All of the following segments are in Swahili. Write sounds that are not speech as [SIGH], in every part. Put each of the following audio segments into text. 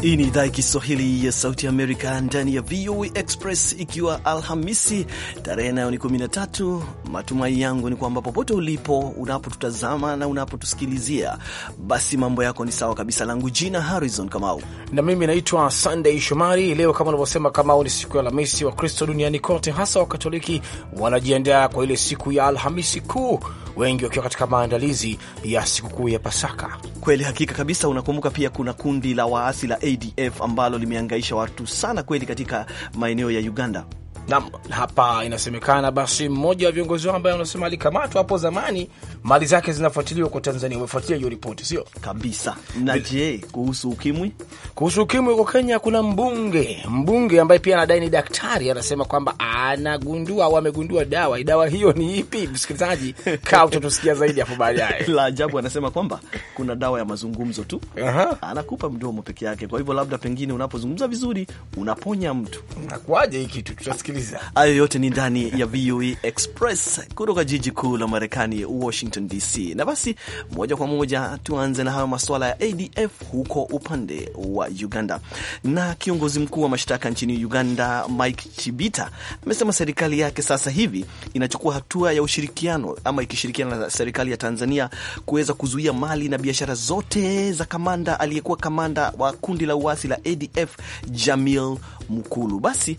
Hii ni idhaa ya Kiswahili ya Sauti ya Amerika ndani ya VOA e Express, ikiwa Alhamisi tarehe nayo ni 13. Matumai yangu ni kwamba popote ulipo, unapotutazama na unapotusikilizia, basi mambo yako ni sawa kabisa. Langu jina Harrison Kamau na mimi naitwa Sunday Shomari. Leo kama unavyosema Kamau, ni siku ya Alhamisi. Wakristo duniani kote, hasa Wakatoliki, wanajiandaa kwa ile siku ya Alhamisi Kuu, wengi wakiwa katika maandalizi ya sikukuu ya Pasaka. Kweli hakika kabisa. Unakumbuka pia kuna kundi la waasi la ADF ambalo limeangaisha watu sana kweli katika maeneo ya Uganda. Nam, hapa inasemekana basi mmoja wa viongozi wao ambaye anasema alikamatwa hapo zamani, mali zake zinafuatiliwa kwa Tanzania. Umefuatilia hiyo ripoti, sio? Kabisa. Na je, kuhusu ukimwi? Kuhusu ukimwi huko Kenya kuna mbunge, mbunge ambaye pia anadai ni daktari, anasema kwamba anagundua au amegundua dawa. Dawa hiyo ni ipi? Msikilizaji, [LAUGHS] kaa utatusikia zaidi hapo baadaye. La ajabu, anasema kwamba kuna dawa ya mazungumzo tu. Aha. Anakupa mdomo peke yake, kwa hivyo labda pengine unapozungumza vizuri unaponya mtu. Unakuaje hiki kitu? Tutasikia kabisa. Hayo yote ni ndani ya VOA e Express kutoka jiji kuu la Marekani, Washington DC. Na basi moja kwa moja tuanze na hayo masuala ya ADF huko upande wa Uganda. Na kiongozi mkuu wa mashtaka nchini Uganda Mike Chibita amesema serikali yake sasa hivi inachukua hatua ya ushirikiano ama ikishirikiana na serikali ya Tanzania kuweza kuzuia mali na biashara zote za kamanda aliyekuwa kamanda wa kundi la uasi la ADF Jamil Mukulu. Basi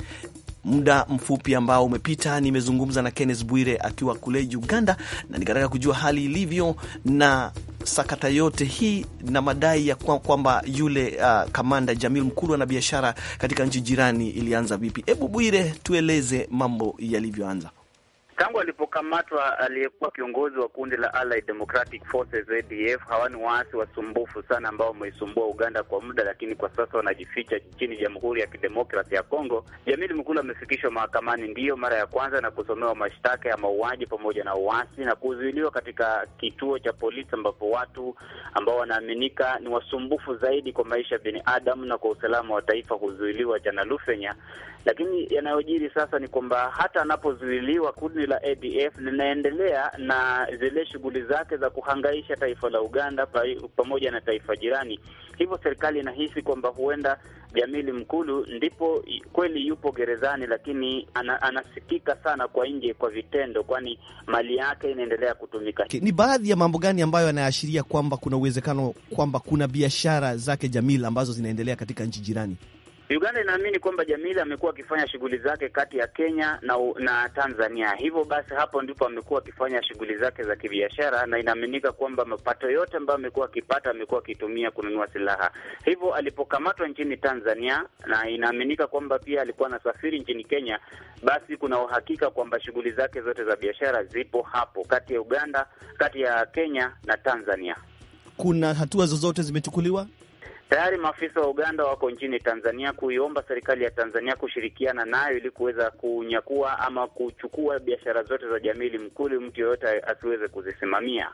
muda mfupi ambao umepita, nimezungumza na Kenneth Bwire akiwa kule Uganda, na nikataka kujua hali ilivyo na sakata yote hii na madai ya kwamba kwa yule uh, kamanda Jamil Mkulwa na biashara katika nchi jirani ilianza vipi. Hebu Bwire, tueleze mambo yalivyoanza. Tangu alipokamatwa aliyekuwa kiongozi wa kundi la Allied Democratic Forces ADF, hawa ni waasi wasumbufu sana ambao wameisumbua Uganda kwa muda, lakini kwa sasa wanajificha nchini Jamhuri ya Kidemokrasia ya Kongo. Jamili Mkulu amefikishwa mahakamani ndiyo mara ya kwanza na kusomewa mashtaka ya mauaji pamoja na uasi na kuzuiliwa katika kituo cha polisi, ambapo watu ambao wanaaminika ni wasumbufu zaidi kwa maisha ya binadamu na kwa usalama wa taifa huzuiliwa jana Lufenya lakini yanayojiri sasa ni kwamba hata anapozuiliwa, kundi la ADF linaendelea na zile shughuli zake za kuhangaisha taifa la Uganda pamoja na taifa jirani. Hivyo serikali inahisi kwamba huenda Jamili Mkulu ndipo kweli yupo gerezani, lakini ana, anasikika sana kwa nje kwa vitendo, kwani mali yake inaendelea kutumika. Ni baadhi ya mambo gani ambayo yanaashiria kwamba kuna uwezekano kwamba kuna biashara zake Jamil ambazo zinaendelea katika nchi jirani? Uganda inaamini kwamba Jamila amekuwa akifanya shughuli zake kati ya Kenya na, na Tanzania. Hivyo basi hapo ndipo amekuwa akifanya shughuli zake za kibiashara, na inaaminika kwamba mapato yote ambayo amekuwa akipata amekuwa akitumia kununua silaha. Hivyo alipokamatwa nchini Tanzania, na inaaminika kwamba pia alikuwa anasafiri nchini Kenya, basi kuna uhakika kwamba shughuli zake zote za biashara zipo hapo kati ya Uganda, kati ya Kenya na Tanzania. Kuna hatua zozote zimechukuliwa? Tayari maafisa wa Uganda wako nchini Tanzania kuiomba serikali ya Tanzania kushirikiana nayo ili kuweza kunyakua ama kuchukua biashara zote za jamii mkuli mtu yoyote asiweze kuzisimamia.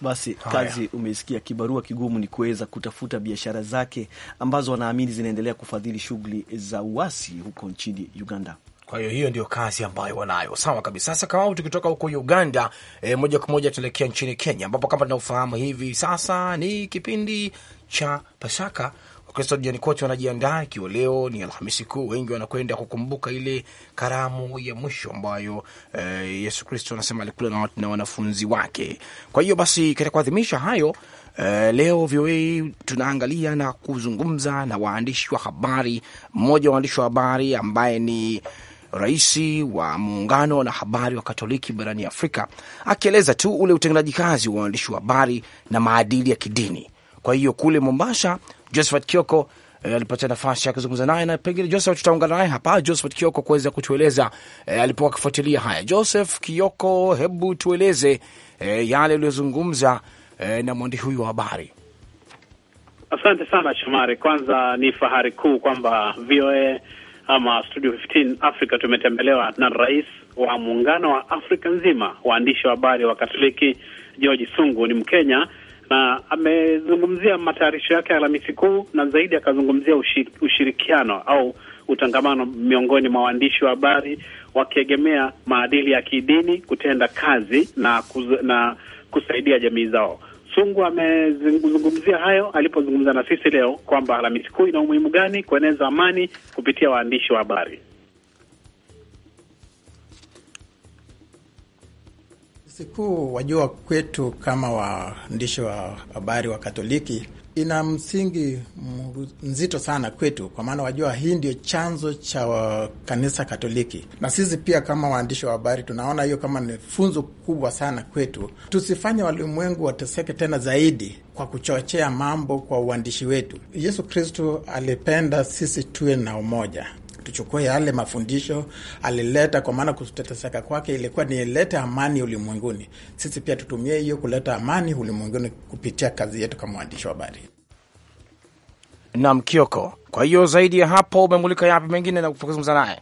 Basi kazi umeisikia, kibarua kigumu ni kuweza kutafuta biashara zake ambazo wanaamini zinaendelea kufadhili shughuli za uasi huko nchini Uganda. Kwa hiyo hiyo ndio kazi ambayo wanayo. Sawa kabisa. Sasa kama tukitoka huko Uganda e, moja kwa moja tuelekea nchini Kenya, ambapo kama tunaofahamu hivi sasa ni kipindi cha Pasaka. Wakristo duniani kote wanajiandaa, ikiwa leo ni Alhamisi Kuu, wengi wanakwenda kukumbuka ile karamu ya mwisho ambayo e, Yesu Kristo anasema alikula na, na wanafunzi wake. Kwa hiyo basi katika kuadhimisha hayo Uh, leo VOA tunaangalia na kuzungumza na waandishi wa habari. Mmoja wa waandishi wa habari ambaye ni rais wa muungano wa wanahabari wa Katoliki barani Afrika, akieleza tu ule utendaji kazi wa waandishi wa habari na maadili ya kidini. Kwa hiyo kule Mombasa, Josephat Kioko E, eh, alipata nafasi ya kuzungumza naye na pengine Joseph tutaungana naye hapa, Joseph Kioko kuweza kutueleza e, alipokuwa akifuatilia haya. Joseph Kioko, hebu tueleze e, yale uliyozungumza e, na mwandishi huyu wa habari. Asante sana Shomari, kwanza ni fahari kuu kwamba VOA ama Studio 15 Africa tumetembelewa na rais wa muungano wa Afrika nzima waandishi wa habari wa Katoliki George Sungu, ni Mkenya na amezungumzia matayarisho yake ya Alhamisi Kuu na zaidi akazungumzia ushirikiano au utangamano miongoni mwa waandishi wa habari wakiegemea maadili ya kidini, kutenda kazi na, kuz, na kusaidia jamii zao. Sungu amezungumzia hayo alipozungumza na sisi leo kwamba Alhamisi Kuu ina umuhimu gani kueneza amani kupitia waandishi wa habari. Siku wajua, kwetu kama waandishi wa habari wa Katoliki ina msingi mzito sana kwetu, kwa maana wajua, hii ndio chanzo cha kanisa Katoliki, na sisi pia kama waandishi wa habari tunaona hiyo kama ni funzo kubwa sana kwetu. Tusifanye walimwengu wateseke tena zaidi kwa kuchochea mambo kwa uandishi wetu. Yesu Kristu alipenda sisi tuwe na umoja, tuchukue yale mafundisho alileta, kwa maana kuteteseka kwake ilikuwa nilete amani ulimwenguni. Sisi pia tutumie hiyo kuleta amani ulimwenguni kupitia kazi yetu kama waandishi wa habari. nam Kioko, kwa hiyo zaidi ya hapo umemulika yapi mengine na kuzungumza naye?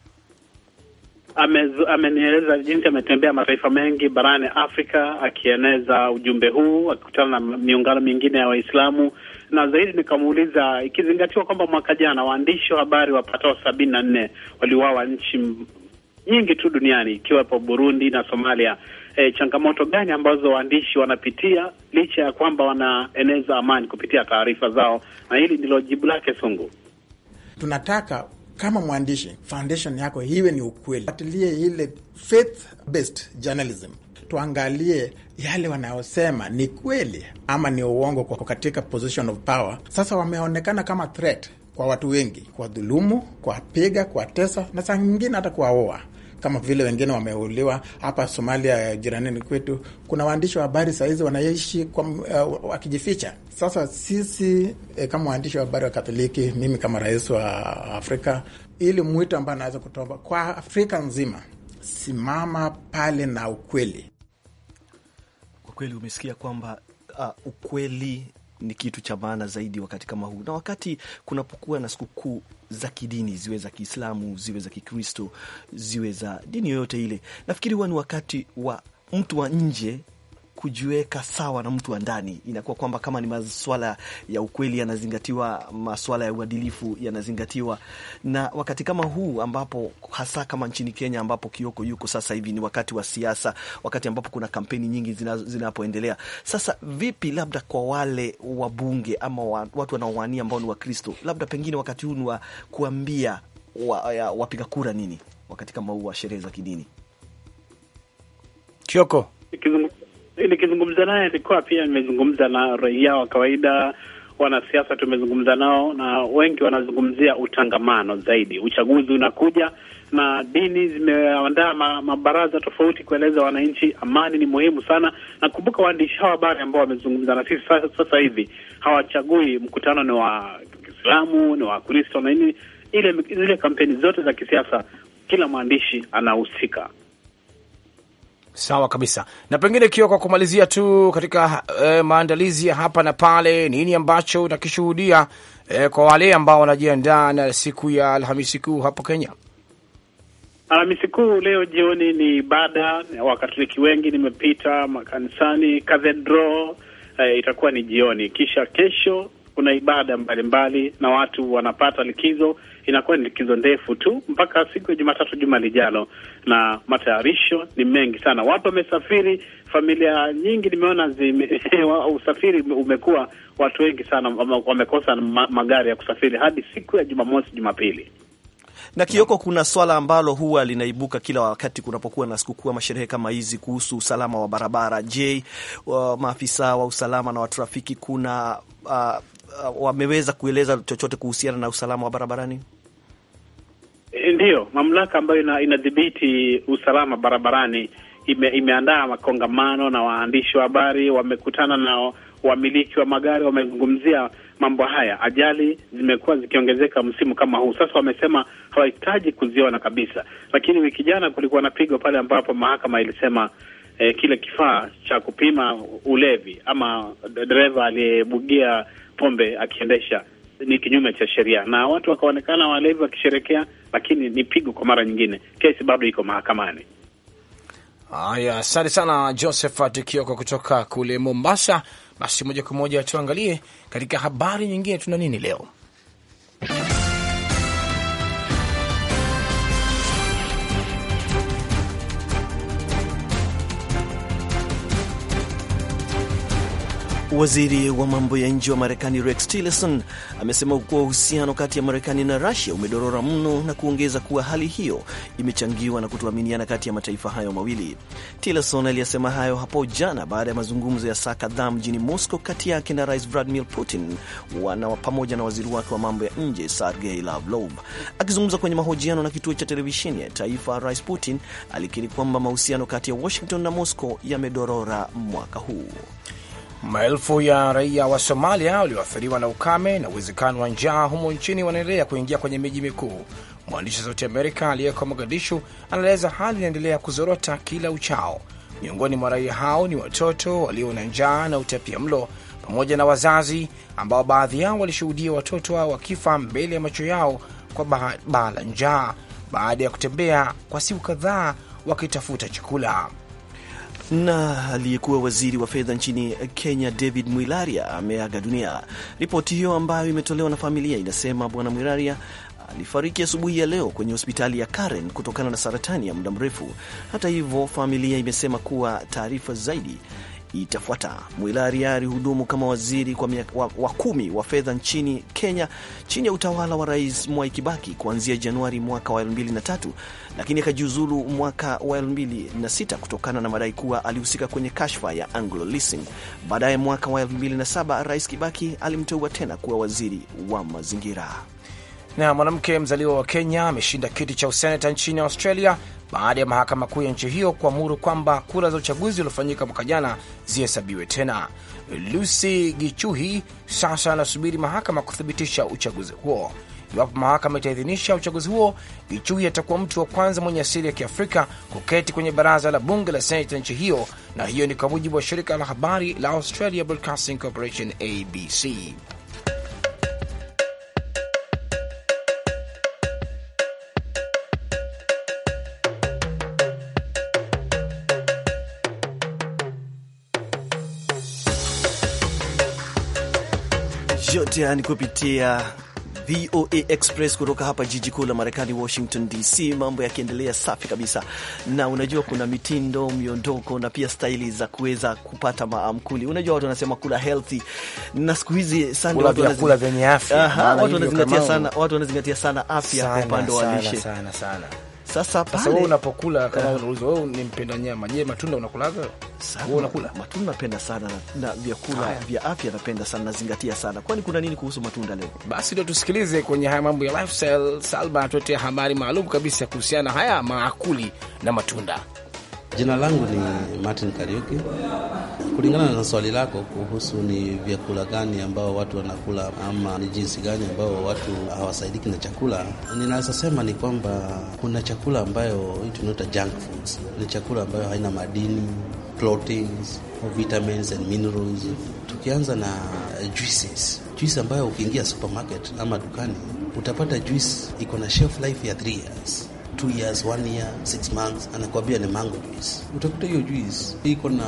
Amenieleza jinsi ametembea mataifa mengi barani Afrika akieneza ujumbe huu, akikutana na miungano mingine ya Waislamu na zaidi nikamuuliza, ikizingatiwa kwamba mwaka jana waandishi wa habari wapatao sabini na nne waliuawa nchi nyingi tu duniani ikiwepo Burundi na Somalia. E, changamoto gani ambazo waandishi wanapitia licha ya kwamba wanaeneza amani kupitia taarifa zao? Na hili ndilo jibu lake Sungu. Tunataka kama mwandishi, foundation yako iwe ni ukweli, atilie ile faith based journalism tuangalie yale wanayosema ni kweli ama ni uongo, kwa katika position of power. Sasa wameonekana kama threat kwa watu wengi, kwa dhulumu, kwa piga, kwa tesa na saa nyingine hata kuwaoa kama vile wengine wameuliwa hapa Somalia, jiranini kwetu. Kuna waandishi wa habari sahizi wanaishi kwa uh, wakijificha. Sasa sisi eh, kama waandishi wa habari wa Katoliki, mimi kama rais wa Afrika, ili mwito ambayo anaweza kutoka kwa Afrika nzima, simama pale na ukweli kweli umesikia kwamba uh, ukweli ni kitu cha maana zaidi wakati kama huu na wakati kunapokuwa na sikukuu za kidini, ziwe za Kiislamu, ziwe za Kikristo, ziwe za dini yoyote ile. Nafikiri huwa ni wakati wa mtu wa nje kujiweka sawa na mtu wa ndani, inakuwa kwamba kama ni maswala ya ukweli yanazingatiwa, maswala ya uadilifu yanazingatiwa. Na wakati kama huu ambapo hasa kama nchini Kenya ambapo Kioko yuko sasa hivi, ni wakati wa siasa, wakati ambapo kuna kampeni nyingi zinapoendelea. Sasa vipi, labda kwa wale wabunge ama watu wanaowania ambao ni Wakristo, labda pengine wakati huu ni wa kuambia wapiga kura nini wakati kama huu wa sherehe za kidini Kioko? nikizungumza naye alikuwa pia nimezungumza na raia wa kawaida, wanasiasa tumezungumza nao, na wengi wanazungumzia utangamano zaidi. Uchaguzi unakuja na dini zimeandaa ma, mabaraza tofauti kueleza wananchi amani ni muhimu sana. Nakumbuka waandishi hawa habari ambao wamezungumza na sisi sasa, sasa hivi hawachagui mkutano ni wa Kiislamu ni wa Kristo na nini, ile, ile kampeni zote za kisiasa kila mwandishi anahusika. Sawa kabisa. Na pengine kiwa kwa kumalizia tu katika e, maandalizi ya hapa na pale, nini ambacho unakishuhudia e, kwa wale ambao wanajiandaa na siku ya Alhamisi Kuu hapo Kenya? Alhamisi Kuu leo jioni ni ibada. Wakatoliki wengi nimepita makanisani kathedro, e, eh, itakuwa ni jioni. Kisha kesho kuna ibada mbalimbali mbali, na watu wanapata likizo inakuwa ni likizo ndefu tu mpaka siku ya Jumatatu juma lijalo, na matayarisho ni mengi sana. Watu wamesafiri, familia nyingi nimeona zime, [LAUGHS] usafiri umekuwa watu wengi sana wamekosa ma, magari ya kusafiri hadi siku ya Jumamosi, Jumapili na Kioko, kuna swala ambalo huwa linaibuka kila wakati kunapokuwa na sikukuu ama sherehe kama hizi kuhusu usalama wa barabara. Je, maafisa wa usalama na wa trafiki kuna uh, uh, wameweza kueleza chochote kuhusiana na usalama wa barabarani? Eh, Ndiyo, mamlaka ambayo inadhibiti usalama barabarani ime, imeandaa makongamano na waandishi wa habari wamekutana na wamiliki wa magari, wamezungumzia mambo haya. Ajali zimekuwa zikiongezeka msimu kama huu, sasa wamesema hawahitaji kuziona kabisa, lakini wiki jana kulikuwa na pigo pale ambapo mahakama ilisema eh, kile kifaa cha kupima ulevi ama dereva aliyebugia pombe akiendesha ni kinyume cha sheria, na watu wakaonekana walevi wakisherekea, lakini ni pigo kwa mara nyingine. Kesi bado iko mahakamani. Haya, asante sana Josephat Kioko kutoka kule Mombasa. Basi moja kwa moja tuangalie katika habari nyingine, tuna nini leo? Waziri wa mambo ya nje wa Marekani Rex Tillerson amesema kuwa uhusiano kati ya Marekani na Rusia umedorora mno na kuongeza kuwa hali hiyo imechangiwa na kutoaminiana kati ya mataifa hayo mawili. Tillerson aliyesema hayo hapo jana baada ya mazungumzo ya saa kadhaa mjini Moscow kati yake na Rais Vladimir Putin wana pamoja na waziri wake wa mambo ya nje Sergei Lavrov. Akizungumza kwenye mahojiano na kituo cha televisheni ya taifa, Rais Putin alikiri kwamba mahusiano kati ya Washington na Moscow yamedorora mwaka huu. Maelfu ya raia wa Somalia walioathiriwa na ukame na uwezekano wa njaa humo nchini wanaendelea kuingia kwenye miji mikuu. Mwandishi wa Sauti Amerika aliyeko Mogadishu anaeleza hali inaendelea kuzorota kila uchao. Miongoni mwa raia hao ni watoto walio na njaa na utapia mlo pamoja na wazazi ambao baadhi yao walishuhudia watoto wao wakifa mbele ya macho yao kwa baa la njaa baada ya kutembea kwa siku kadhaa wakitafuta chakula. Na aliyekuwa waziri wa fedha nchini Kenya David Mwilaria ameaga dunia. Ripoti hiyo ambayo imetolewa na familia inasema Bwana Mwilaria alifariki asubuhi ya, ya leo kwenye hospitali ya Karen kutokana na saratani ya muda mrefu. Hata hivyo, familia imesema kuwa taarifa zaidi itafuata. Mwilaria alihudumu kama waziri kwa miaka wa, wa kumi wa fedha nchini Kenya chini ya utawala wa Rais Mwai Kibaki kuanzia Januari mwaka wa tatu lakini akajiuzulu mwaka wa sita kutokana na madai kuwa alihusika kwenye kashfa ya Anglo Leasing. Baadaye mwaka wa saba Rais Kibaki alimteua tena kuwa waziri wa mazingira. Na mwanamke mzaliwa wa Kenya ameshinda kiti cha useneta nchini Australia baada ya mahakama kuu ya nchi hiyo kuamuru kwamba kura za uchaguzi uliofanyika mwaka jana zihesabiwe tena. Lucy Gichuhi sasa anasubiri mahakama kuthibitisha uchaguzi huo. Iwapo mahakama itaidhinisha uchaguzi huo, Gichuhi atakuwa mtu wa kwanza mwenye asili ya kiafrika kuketi kwenye baraza la bunge la seneti ya nchi hiyo, na hiyo ni kwa mujibu wa shirika la habari la Australia Broadcasting Corporation, ABC. yote ni yaani kupitia VOA Express kutoka hapa jiji kuu la Marekani, Washington DC. Mambo yakiendelea safi kabisa, na unajua kuna mitindo, miondoko na pia staili za kuweza kupata maamkuli. Unajua watu wanasema kula healthy, na siku hizi sana watu wanazingatia sana afya kwa upande wa lishe sana, sana, sana. Sasa pale sasa, wewe unapokula kama eh. unauliza, wewe ni mpenda nyama, je, matunda unakulaga? Wewe unakula matunda? Napenda sana na vyakula vya afya napenda sana, nazingatia sana. Kwani kuna nini kuhusu matunda leo? Basi ndio tusikilize kwenye haya mambo ya lifestyle. Salma anatuletea habari maalum kabisa kuhusiana haya maakuli na matunda. Jina langu ni Martin Kariuki. Kulingana na swali lako kuhusu ni vyakula gani ambao watu wanakula ama ni jinsi gani ambao watu hawasaidiki na chakula, ninaweza sema ni kwamba kuna chakula ambayo tunaita junk foods, ni chakula ambayo haina madini, proteins, vitamins and minerals. Tukianza na juices, juice ambayo ukiingia supermarket ama dukani utapata juice iko na shelf life ya 3 years two years, one year, six months, anakuambia ni mango juice. Utakuta hiyo juice iko na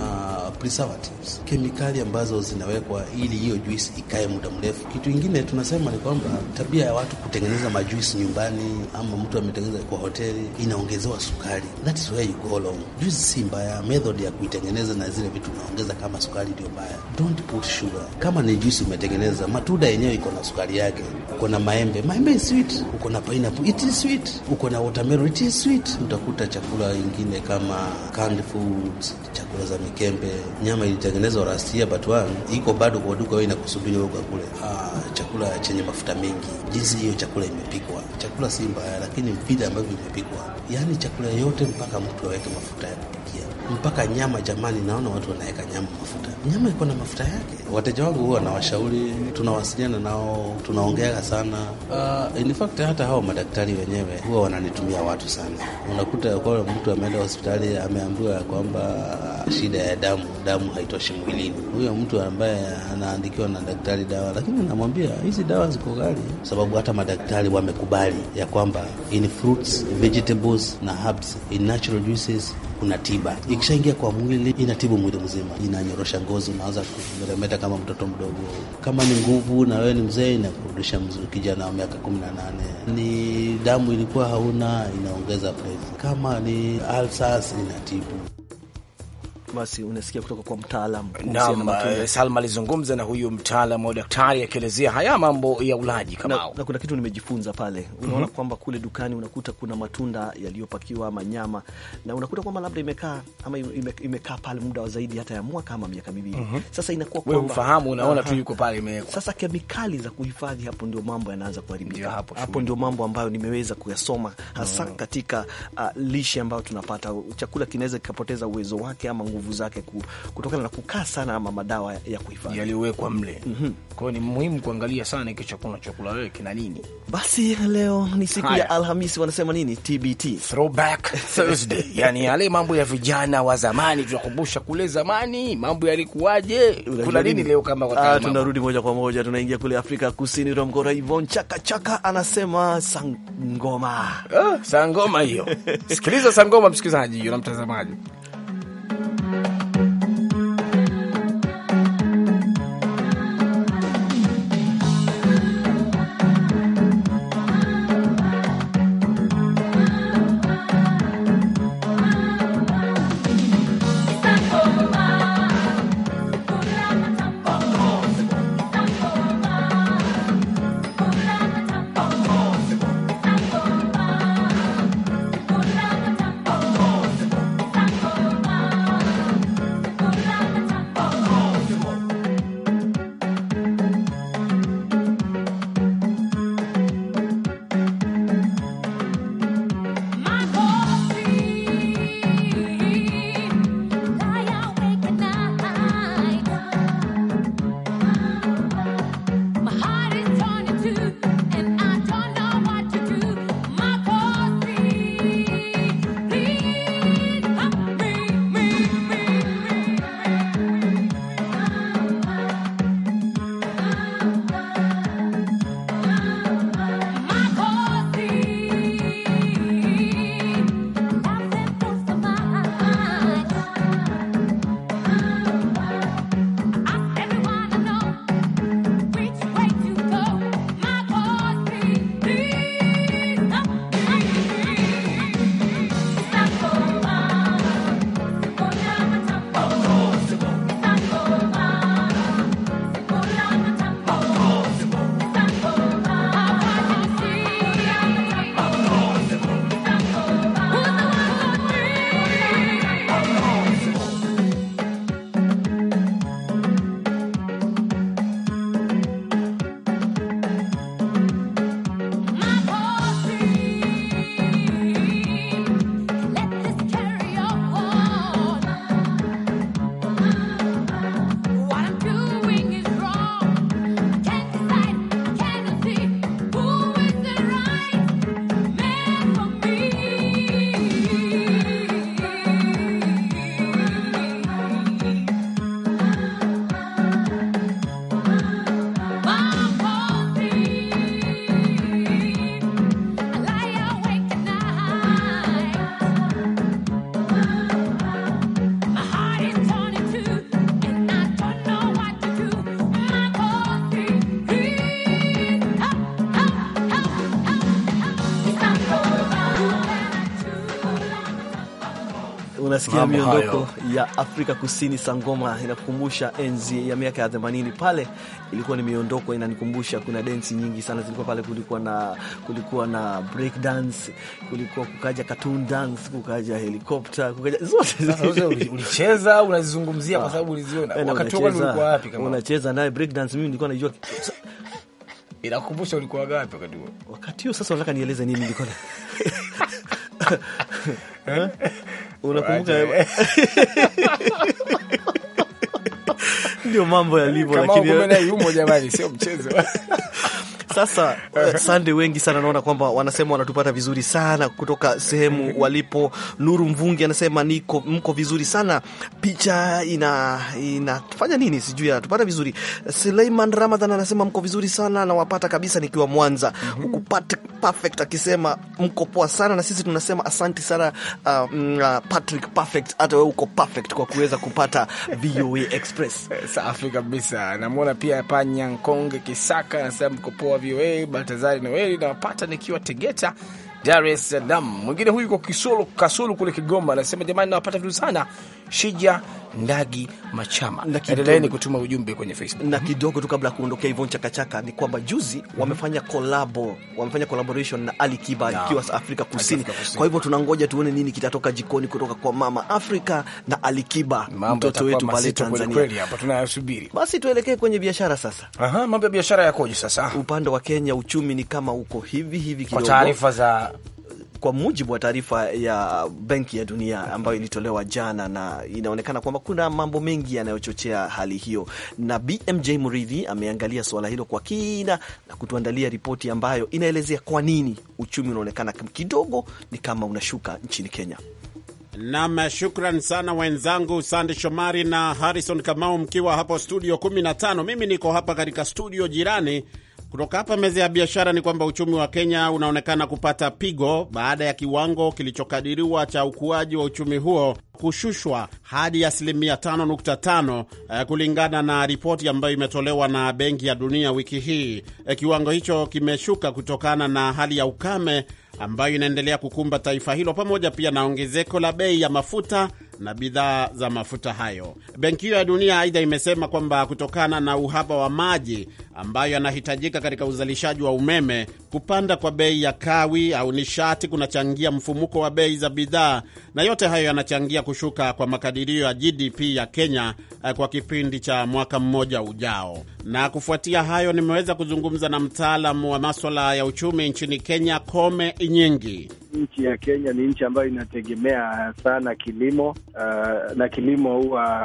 preservatives, kemikali ambazo zinawekwa ili hiyo juice ikae muda mrefu. Kitu ingine tunasema ni kwamba tabia ya watu kutengeneza majuisi nyumbani ama mtu ametengeneza kwa hoteli inaongezewa sukari, that is where you go wrong. Juice si mbaya, method ya kuitengeneza na zile vitu unaongeza kama sukari ndio mbaya. Don't put sugar. Kama ni juice umetengeneza, matunda yenyewe iko na sukari yake. Uko na maembe, maembe is sweet. Uko na pineapple, it is sweet. Uko na watermelon it sweet. Utakuta chakula ingine kama canned foods, chakula za mikembe, nyama ilitengenezwa last year but one iko bado kwa duka, wewe inakusubiri wewe kule. Ah, chakula chenye mafuta mengi, jinsi hiyo chakula imepikwa, chakula si mbaya, lakini vile ambavyo imepikwa, yani chakula yote mpaka mtu aweke mafuta ya kupikia, mpaka nyama. Jamani, naona watu wanaweka nyama mafuta, nyama iko na mafuta yake Wateja wangu huwa nawashauri, tunawasiliana nao, tunaongea sana. Uh, in fact hata hawa madaktari wenyewe huwa wananitumia watu sana. Unakuta kwa mtu ameenda hospitali ameambiwa ya kwamba uh, shida ya damu, damu haitoshi mwilini. Huyo mtu ambaye anaandikiwa na daktari dawa, lakini namwambia hizi dawa ziko ghali, sababu hata madaktari wamekubali ya kwamba in fruits, vegetables na herbs, in natural juices kuna tiba. Ikishaingia kwa mwili, inatibu mwili mzima, inanyorosha ngozi, unaanza kumeremeta kama mtoto mdogo. Kama ni nguvu na wewe ni mzee, inakurudisha mzuri, kijana wa miaka kumi na nane. Ni damu ilikuwa hauna, inaongeza. Kama ni alsas, inatibu basi unasikia kutoka kwa mtaalamu. Naam, eh, Salma alizungumza na huyu mtaalamu wa daktari akielezea haya mambo ya ulaji kama na, na kuna kitu nimejifunza pale, unaona mm -hmm. kwamba kule dukani unakuta kuna matunda yaliyopakiwa ama nyama, na unakuta kwamba labda imekaa ama imekaa ime pale muda wa zaidi hata ya mwaka ama miaka miwili mm -hmm. Sasa inakuwa kwamba ufahamu, unaona tu yuko pale imewekwa. Sasa kemikali za kuhifadhi, hapo ndio mambo yanaanza kuharibika, hapo, hapo ndio mambo ambayo nimeweza kuyasoma hasa mm -hmm. katika uh, lishe ambayo tunapata, chakula kinaweza kikapoteza uwezo wake ama nguvu nguvu zake kutokana na kukaa sana ama madawa ya kuhifadhi yaliyowekwa mle. mm -hmm. Kwa hiyo ni muhimu kuangalia sana hiki chakula chakula wewe kina nini. Basi leo ni siku Haya. ya Alhamisi, wanasema nini, TBT, throwback [LAUGHS] Thursday yani yale mambo ya vijana wa zamani, tunakumbusha kule zamani mambo yalikuwaje, kuna nini leo kama kwa ah, tunarudi moja kwa moja tunaingia kule Afrika Kusini. tunamkora Ivon chaka chaka anasema sangoma, ah, sangoma hiyo [LAUGHS] sikiliza sangoma msikilizaji na mtazamaji. unasikia miondoko ya Afrika Kusini, sangoma inakukumbusha enzi ya miaka ya themanini. pale, ilikuwa ni miondoko inanikumbusha, kuna densi nyingi sana zilikuwa pale, kulikuwa na kulikuwa na break dance, kulikuwa kukaja cartoon dance, kukaja helikopta, kukaja [LAUGHS] zote ulicheza, unazizungumzia kwa sababu uliziona eh, wakati huo. Ulikuwa wapi kama unacheza naye break dance? Mimi nilikuwa najua inakumbusha ulikuwa wapi wakati huo? Wakati huo sasa, unataka nieleze nini nilikuwa [LAUGHS] [LAUGHS] eh? unakumbuka [LAUGHS] ndio mambo yalivyo, lakini jamani, sio mchezo [LAUGHS] Sasa Sande, wengi sana naona kwamba wanasema wanatupata vizuri sana kutoka sehemu walipo. Nuru Mvungi anasema niko mko vizuri sana, picha ina inafanya nini sijui, anatupata vizuri. Suleiman Ramadhan anasema mko vizuri sana, nawapata kabisa nikiwa Mwanza. mm -hmm. Kupata perfect akisema mko poa sana, na sisi tunasema asanti sana. Uh, mm, uh, Patrick perfect, hata wewe uko perfect kwa kuweza kupata [LAUGHS] VOA e Express. Safi kabisa, namwona pia Panyankong Kisaka anasema mko poa VOA Baltazari Noeli, nawapata nikiwa Tegeta Dar es Salaam. Mwingine huyu kwa Kasulu kule Kigoma anasema jamani, nawapata vizuri sana Shija Ndagi Machama, endeleeni kutuma ujumbe kwenye Facebook. Na mhm. kidogo tu kabla ya kuondokea hivyo chakachaka ni kwamba juzi mm -hmm. wamefanya kolabo, wamefanya collaboration na Ali Kiba akiwa Afrika Kusini. Kwa hivyo tunangoja tuone nini kitatoka jikoni kutoka kwa Mama Afrika na Ali Kiba, mtoto wetu pale Tanzania. Kweli hapa tunayasubiri. Basi tuelekee kwenye biashara sasa. Aha, mambo ya biashara yakoje sasa? Upande wa Kenya uchumi ni kama uko hivi hivi kidogo. Kwa taarifa za kwa mujibu wa taarifa ya Benki ya Dunia ambayo ilitolewa jana, na inaonekana kwamba kuna mambo mengi yanayochochea hali hiyo, na BMJ Muridhi ameangalia suala hilo kwa kina na kutuandalia ripoti ambayo inaelezea kwa nini uchumi unaonekana kidogo ni kama unashuka nchini Kenya. Nam, shukran sana wenzangu Sande Shomari na Harrison Kamau, mkiwa hapo studio 15. Mimi niko hapa katika studio jirani kutoka hapa meza ya biashara ni kwamba uchumi wa Kenya unaonekana kupata pigo baada ya kiwango kilichokadiriwa cha ukuaji wa uchumi huo kushushwa hadi asilimia 5.5 eh, kulingana na ripoti ambayo imetolewa na Benki ya Dunia wiki hii. Eh, kiwango hicho kimeshuka kutokana na hali ya ukame ambayo inaendelea kukumba taifa hilo pamoja pia na ongezeko la bei ya mafuta na bidhaa za mafuta hayo. Benki hiyo ya Dunia aidha imesema kwamba kutokana na uhaba wa maji ambayo yanahitajika katika uzalishaji wa umeme, Kupanda kwa bei ya kawi au nishati kunachangia mfumuko wa bei za bidhaa, na yote hayo yanachangia kushuka kwa makadirio ya GDP ya Kenya eh, kwa kipindi cha mwaka mmoja ujao. Na kufuatia hayo, nimeweza kuzungumza na mtaalamu wa maswala ya uchumi nchini Kenya, Kome Nyingi. Nchi ya Kenya ni nchi ambayo inategemea sana kilimo uh, na kilimo huwa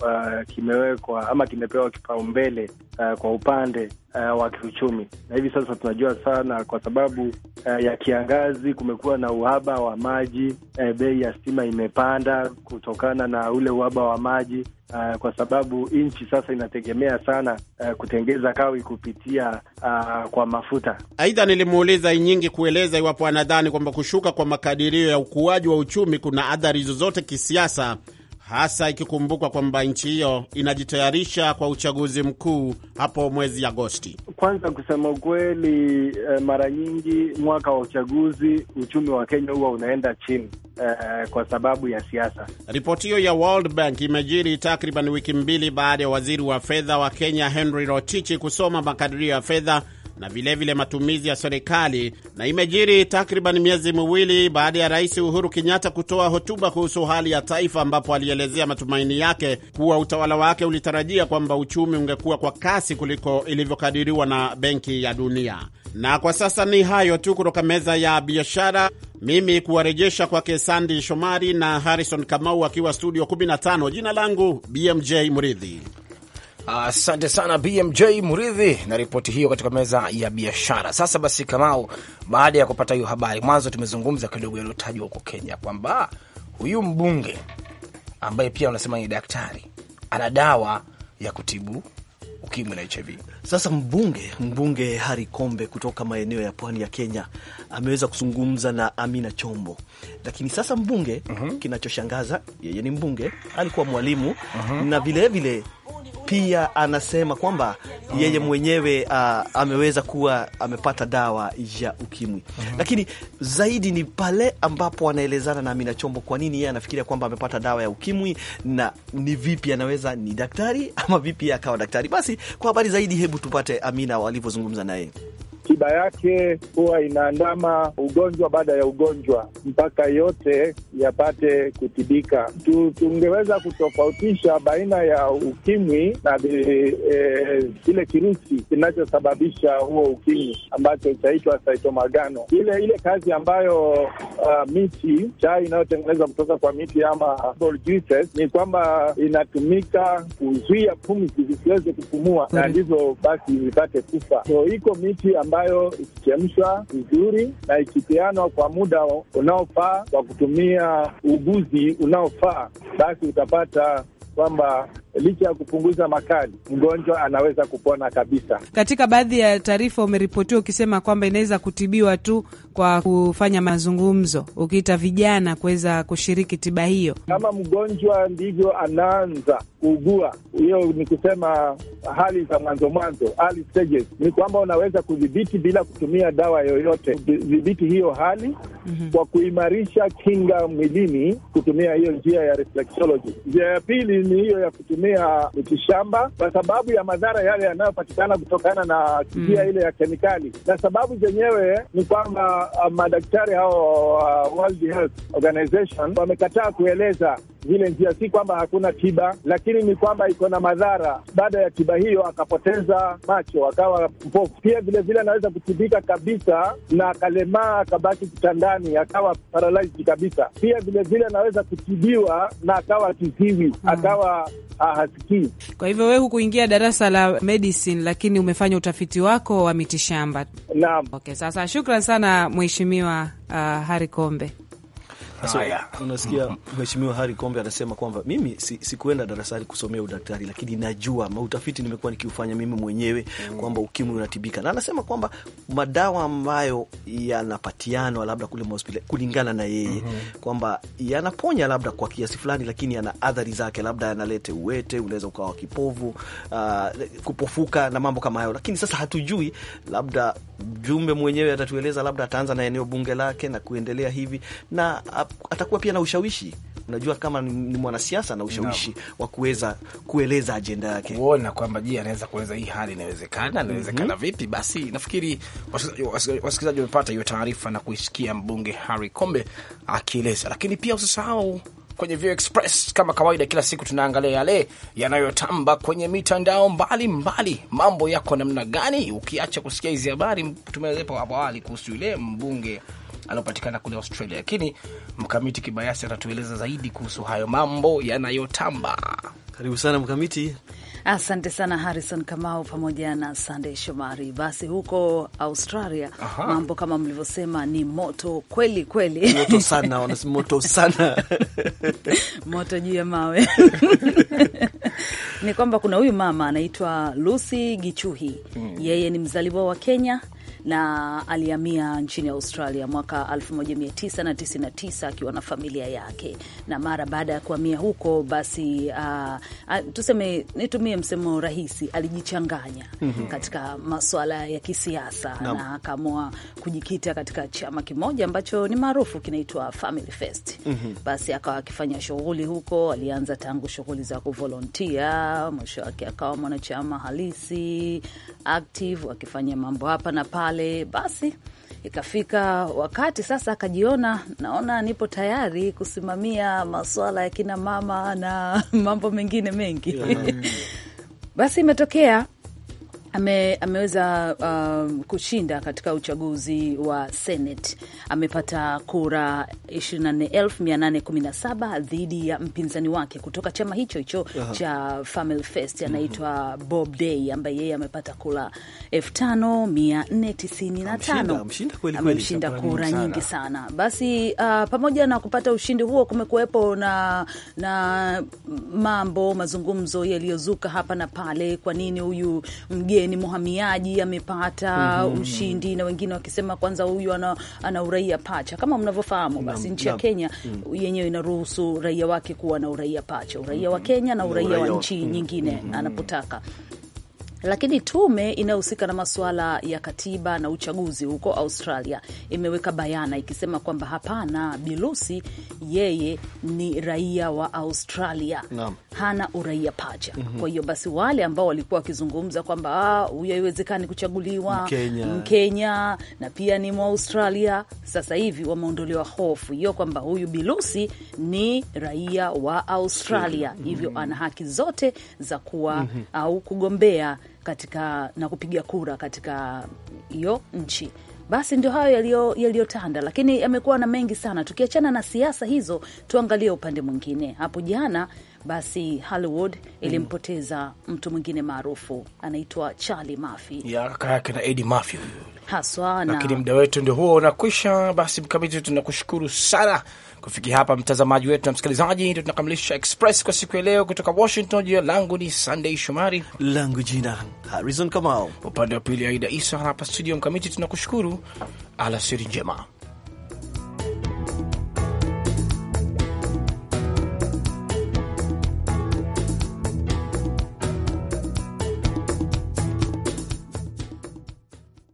uh, kimewekwa ama kimepewa kipaumbele uh, kwa upande uh, wa kiuchumi, na hivi sasa tunajua sana kwa sababu uh, ya kiangazi kumekuwa na uhaba wa maji. Uh, bei ya stima imepanda kutokana na ule uhaba wa maji. Uh, kwa sababu nchi sasa inategemea sana uh, kutengeza kawi kupitia uh, kwa mafuta. Aidha, nilimuuliza nyingi kueleza iwapo anadhani kwamba kushuka kwa makadirio ya ukuaji wa uchumi kuna athari zozote kisiasa hasa ikikumbukwa kwamba nchi hiyo inajitayarisha kwa uchaguzi mkuu hapo mwezi Agosti. Kwanza kusema ukweli, eh, mara nyingi mwaka wa uchaguzi uchumi wa Kenya huwa unaenda chini eh, kwa sababu ya siasa. Ripoti hiyo ya World Bank imejiri takriban wiki mbili baada ya waziri wa fedha wa Kenya Henry Rotichi kusoma makadirio ya fedha na vilevile vile matumizi ya serikali, na imejiri takriban miezi miwili baada ya Rais Uhuru Kenyatta kutoa hotuba kuhusu hali ya taifa, ambapo alielezea matumaini yake kuwa utawala wake ulitarajia kwamba uchumi ungekuwa kwa kasi kuliko ilivyokadiriwa na Benki ya Dunia. Na kwa sasa ni hayo tu kutoka meza ya biashara. Mimi kuwarejesha kwake Sandi Shomari na Harrison Kamau akiwa studio 15. Jina langu BMJ Mridhi. Asante uh, sana BMJ Muridhi na ripoti hiyo katika meza ya biashara. Sasa basi, Kamau, baada ya kupata hiyo habari, mwanzo tumezungumza kidogo yaliyotajwa huko Kenya kwamba huyu mbunge ambaye pia unasema ni daktari ana dawa ya kutibu ukimwi na HIV. Sasa mbunge mbunge Hari Kombe kutoka maeneo ya pwani ya Kenya ameweza kuzungumza na Amina Chombo, lakini sasa mbunge mm -hmm. Kinachoshangaza yeye ni mbunge, alikuwa mwalimu mm -hmm. na vilevile pia anasema kwamba yeye mwenyewe uh, ameweza kuwa amepata dawa ya ukimwi uh mhm. -huh. Lakini zaidi ni pale ambapo anaelezana na Amina Chombo kwa nini yeye anafikiria kwamba amepata dawa ya ukimwi na ni vipi anaweza ni daktari ama vipi akawa daktari. Basi kwa habari zaidi, hebu tupate Amina walivyozungumza naye tiba yake huwa inaandama ugonjwa baada ya ugonjwa mpaka yote yapate kutibika. Tu, tungeweza kutofautisha baina ya ukimwi na e, kile e, kirusi kinachosababisha huo ukimwi ambacho itaitwa saitomagano. Ile ile kazi ambayo uh, miti chai inayotengenezwa kutoka kwa miti ama juices, ni kwamba inatumika kuzuia pumzi zisiweze kupumua na ndivyo basi ipate kufa. So iko miti ambayo ambayo ikichemshwa vizuri na ikipeanwa kwa muda unaofaa kwa kutumia uguzi unaofaa, basi utapata kwamba licha ya kupunguza makali, mgonjwa anaweza kupona kabisa. Katika baadhi ya taarifa umeripotiwa ukisema kwamba inaweza kutibiwa tu kwa kufanya mazungumzo, ukiita vijana kuweza kushiriki tiba hiyo. Kama mgonjwa ndivyo anaanza kuugua, hiyo ni kusema hali za mwanzo mwanzo, early stages, ni kwamba unaweza kudhibiti bila kutumia dawa yoyote, kudhibiti hiyo hali mm -hmm. kwa kuimarisha kinga mwilini kutumia hiyo njia ya reflexology. Njia ya pili ni hiyo ya kutumia kutumia shamba kwa sababu ya madhara yale yanayopatikana kutokana na tabia mm, ile ya kemikali, na sababu zenyewe ni kwamba uh, madaktari hao wa World Health Organization wamekataa kueleza zile njia. Si kwamba hakuna tiba, lakini ni kwamba iko na madhara. Baada ya tiba hiyo akapoteza macho, akawa mpofu. Pia vilevile anaweza kutibika kabisa na akalemaa, akabaki kitandani, akawa paralyzed kabisa. Pia vilevile anaweza kutibiwa na akawa kiziwi, hmm. akawa ah, hasikii. Kwa hivyo wee hukuingia darasa la medicine, lakini umefanya utafiti wako wa mitishamba. Naam. Okay, sasa shukran sana mheshimiwa uh, ah, Hari Kombe. So, haya unasikia mm-hmm. Mheshimiwa Hari Kombe anasema kwamba mimi sikuenda si darasani kusomea udaktari, lakini najua mautafiti nimekuwa nikiufanya mimi mwenyewe mm. kwamba ukimwi unatibika, na anasema kwamba madawa ambayo yanapatianwa labda kule mahospitali, kulingana na yeye mm -hmm. kwamba yanaponya labda kwa kiasi fulani, lakini yana athari zake, labda yanalete uwete, unaweza ukawa kipovu, uh, ah, kupofuka na mambo kama hayo, lakini sasa hatujui labda mjumbe mwenyewe atatueleza, labda ataanza na eneo bunge lake na kuendelea hivi, na atakuwa pia na ushawishi Unajua, kama ni mwanasiasa na ushawishi no. wa kuweza kueleza ajenda yake, kuona kwamba je, anaweza kueleza hii hali inawezekana, mhm. inawezekana mm -hmm. vipi? Basi nafikiri wasikilizaji wamepata hiyo taarifa na kuisikia mbunge Harry Kombe akieleza, lakini pia usisahau kwenye Vio Express. Kama kawaida, kila siku tunaangalia yale yanayotamba kwenye mitandao mbalimbali. Mambo yako namna gani? Ukiacha kusikia hizi habari, tumeelepa hapo awali kuhusu yule mbunge anaopatikana kule Australia, lakini Mkamiti Kibayasi atatueleza zaidi kuhusu hayo mambo yanayotamba. Karibu sana Mkamiti. Asante sana Harrison Kamau pamoja na Sandey Shomari. Basi huko Australia Aha. mambo kama mlivyosema ni moto kweli kweli, moto [LAUGHS] sana, wanasema moto sana [LAUGHS] moto juu ya mawe [LAUGHS] ni kwamba kuna huyu mama anaitwa Lucy Gichuhi, mm. yeye ni mzaliwa wa Kenya na alihamia nchini Australia mwaka 1999 akiwa na familia yake, na mara baada ya kuhamia huko basi, uh, tuseme nitumie msemo rahisi, alijichanganya mm -hmm. katika masuala ya kisiasa no. na akaamua kujikita katika chama kimoja ambacho ni maarufu kinaitwa Family First mm -hmm. Basi akawa akifanya shughuli huko, alianza tangu shughuli za kuvolontia, mwisho wake akawa mwanachama halisi active, akifanya mambo hapa na pa pale. Basi ikafika wakati sasa, akajiona naona nipo tayari kusimamia masuala ya kina mama na [LAUGHS] mambo mengine mengi yeah. [LAUGHS] Basi imetokea Ame, ameweza uh, kushinda katika uchaguzi wa Senate. Amepata kura 24817 dhidi ya mpinzani wake kutoka chama hicho hicho cha Family First mhm. anaitwa mm -hmm. Bob Day ambaye yeye amepata kura 5495 amemshinda kura nyingi sana. Basi uh, pamoja na kupata ushindi huo kumekuwepo na, na mambo mazungumzo yaliyozuka hapa na pale, kwa nini huyu mge je, ni mhamiaji amepata mm -hmm. ushindi, na wengine wakisema kwanza huyu ana, ana uraia pacha. Kama mnavyofahamu basi nchi ya Kenya mm yenyewe inaruhusu raia wake kuwa na uraia pacha, uraia wa mm-hmm. Kenya na mm-hmm. uraia wa nchi mm -hmm. nyingine mm -hmm. anapotaka lakini tume inayohusika na masuala ya katiba na uchaguzi huko Australia imeweka bayana ikisema kwamba hapana, Bilusi yeye ni raia wa Australia no. hana uraia pacha mm -hmm. Kwa hiyo basi wale ambao walikuwa wakizungumza kwamba ah, huyu haiwezekani kuchaguliwa Mkenya. Mkenya na pia ni Mwaustralia, sasa hivi wameondolewa hofu hiyo kwamba huyu Bilusi ni raia wa Australia mm -hmm. hivyo ana haki zote za kuwa mm -hmm. au kugombea katika na kupiga kura katika hiyo nchi. Basi ndio hayo yaliyotanda, lakini yamekuwa na mengi sana. Tukiachana na siasa hizo, tuangalie upande mwingine. Hapo jana basi Hollywood mm. ilimpoteza mm, mtu mwingine maarufu anaitwa Charlie Murphy, ya kaka yake na Eddie Murphy haswa. Lakini muda wetu ndio huo unakwisha. Basi Mkamiti, tunakushukuru sana Kufikia hapa, mtazamaji wetu na msikilizaji, ndio tunakamilisha Express kwa siku ya leo kutoka Washington. Jina langu ni sandey Shomari, langu jina Harizon Kamau, upande wa pili Aida Isa hapa studio Mkamiti. Tunakushukuru, alasiri njema.